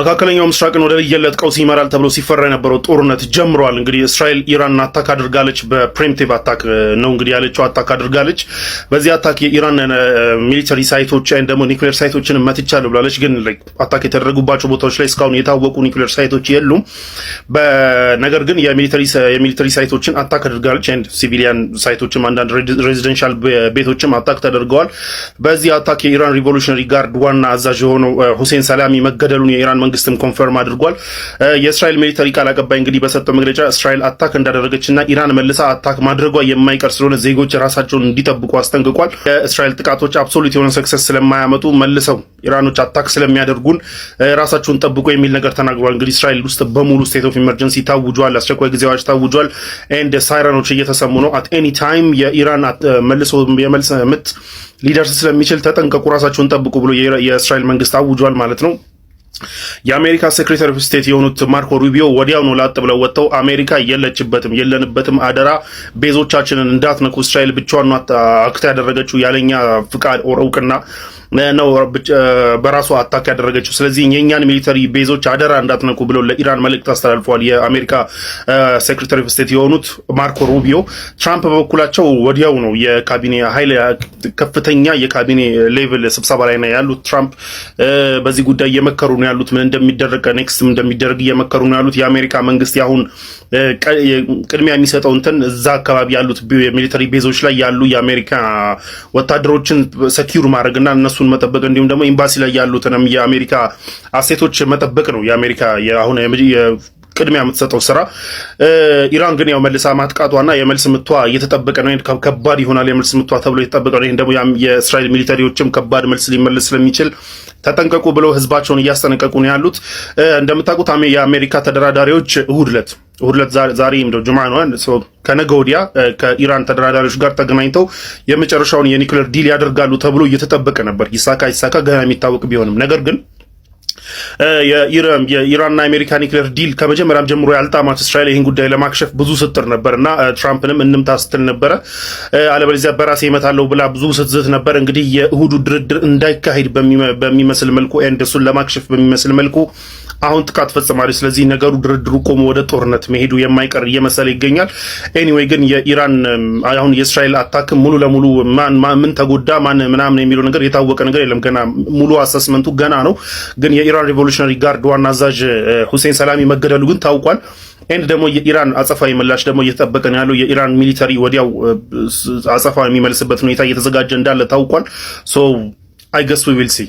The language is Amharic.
መካከለኛው ምስራቅን ወደ ለየለት ቀውስ ይመራል ተብሎ ሲፈራ የነበረው ጦርነት ጀምሯል። እንግዲህ እስራኤል ኢራንን አታክ አድርጋለች። በፕሪምቲቭ አታክ ነው እንግዲህ ያለችው አታክ አድርጋለች። በዚህ አታክ የኢራን ሚሊተሪ ሳይቶች ወይም ደግሞ ኒክሌር ሳይቶችን መትቻለሁ ብላለች። ግን አታክ የተደረጉባቸው ቦታዎች ላይ እስካሁን የታወቁ ኒክሌር ሳይቶች የሉም። ነገር ግን የሚሊተሪ ሳይቶችን አታክ አድርጋለች። ሲቪሊያን ሳይቶችም አንዳንድ ሬዚደንሻል ቤቶችም አታክ ተደርገዋል። በዚህ አታክ የኢራን ሪቮሉሽነሪ ጋርድ ዋና አዛዥ የሆነው ሁሴን ሰላሚ መገደሉን የኢራን መንግስትም ኮንፈርም አድርጓል። የእስራኤል ሚሊተሪ ቃል አቀባይ እንግዲህ በሰጠው መግለጫ እስራኤል አታክ እንዳደረገችና ኢራን መልሳ አታክ ማድረጓ የማይቀር ስለሆነ ዜጎች ራሳቸውን እንዲጠብቁ አስጠንቅቋል። የእስራኤል ጥቃቶች አብሶሉት የሆነ ሰክሰስ ስለማያመጡ መልሰው ኢራኖች አታክ ስለሚያደርጉን ራሳቸውን ጠብቁ የሚል ነገር ተናግሯል። እንግዲህ እስራኤል ውስጥ በሙሉ ስቴት ኦፍ ኢመርጀንሲ ታውጇል። አስቸኳይ ጊዜ አዋጅ ታውጇል። ኤንድ ሳይረኖች እየተሰሙ ነው። አት ኤኒ ታይም የኢራን መልሶ የመልስ ምት ሊደርስ ስለሚችል ተጠንቀቁ፣ ራሳቸውን ጠብቁ ብሎ የእስራኤል መንግስት አውጇል ማለት ነው። የአሜሪካ ሴክሬታሪ ኦፍ ስቴት የሆኑት ማርኮ ሩቢዮ ወዲያውኑ ላጥ ብለው ወጥተው አሜሪካ የለችበትም የለንበትም፣ አደራ ቤዞቻችንን እንዳትነኩ፣ እስራኤል ብቻዋን አክት ያደረገችው ያለኛ ፍቃድ ኦር እውቅና ነው በራሷ አታክ ያደረገችው። ስለዚህ የእኛን ሚሊተሪ ቤዞች አደራ እንዳትነኩ ብለው ለኢራን መልእክት አስተላልፈዋል። የአሜሪካ ሴክሬታሪ ኦፍ ስቴት የሆኑት ማርኮ ሩቢዮ። ትራምፕ በበኩላቸው ወዲያው ነው የካቢኔ ኃይል ከፍተኛ የካቢኔ ሌቭል ስብሰባ ላይ ነው ያሉት። ትራምፕ በዚህ ጉዳይ እየመከሩ ነው ያሉት ምን እንደሚደረግ ኔክስት እንደሚደረግ እየመከሩ ነው ያሉት። የአሜሪካ መንግስት ያሁን ቅድሚያ የሚሰጠው እንትን እዛ አካባቢ ያሉት የሚሊተሪ ቤዞች ላይ ያሉ የአሜሪካ ወታደሮችን ሰኪዩር ማድረግና እነሱን መጠበቅ እንዲሁም ደግሞ ኤምባሲ ላይ ያሉትንም የአሜሪካ አሴቶች መጠበቅ ነው የአሜሪካ አሁን ቅድሚያ የምትሰጠው ስራ። ኢራን ግን ያው መልሳ ማጥቃቷና የመልስ ምቷ እየተጠበቀ ነው፣ ከባድ ይሆናል የመልስ ምቷ ተብሎ የተጠበቀ ነው። ይህን ደግሞ የእስራኤል ሚሊተሪዎችም ከባድ መልስ ሊመልስ ስለሚችል ተጠንቀቁ ብለው ህዝባቸውን እያስጠነቀቁ ነው ያሉት። እንደምታውቁት የአሜሪካ ተደራዳሪዎች እሁድ ዕለት እሁድ ዕለት ዛሬ እንደው ጁማ ነው ከነገ ወዲያ ከኢራን ተደራዳሪዎች ጋር ተገናኝተው የመጨረሻውን የኒውክሌር ዲል ያደርጋሉ ተብሎ እየተጠበቀ ነበር። ይሳካ ይሳካ ገና የሚታወቅ ቢሆንም ነገር ግን የኢራንና የአሜሪካ ኒክሌር ዲል ከመጀመሪያም ጀምሮ ያልጣማት እስራኤል ይህን ጉዳይ ለማክሸፍ ብዙ ስጥር ነበር እና ትራምፕንም እንምታ ስትል ነበረ። አለበለዚያ በራሴ ይመታለሁ ብላ ብዙ ስትዝት ነበር። እንግዲህ የእሁዱ ድርድር እንዳይካሄድ በሚመስል መልኩ ኤንድ እሱን ለማክሸፍ በሚመስል መልኩ አሁን ጥቃት ፈጽማለች። ስለዚህ ነገሩ ድርድሩ ቆሞ ወደ ጦርነት መሄዱ የማይቀር እየመሰለ ይገኛል። ኤኒዌይ ግን የኢራን አሁን የእስራኤል አታክ ሙሉ ለሙሉ ምን ተጎዳ ማን ምናምን የሚለው ነገር የታወቀ ነገር የለም። ገና ሙሉ አሰስመንቱ ገና ነው። ግን የኢራን ሪቮሉሽነሪ ጋርድ ዋና አዛዥ ሁሴን ሰላሚ መገደሉ ግን ታውቋል። ኤንድ ደግሞ የኢራን አጸፋዊ ምላሽ ደግሞ እየተጠበቀ ነው ያለው። የኢራን ሚሊተሪ ወዲያው አጸፋ የሚመልስበት ሁኔታ እየተዘጋጀ እንዳለ ታውቋል። ሶ አይ ገስ ዊ ዊል ሲ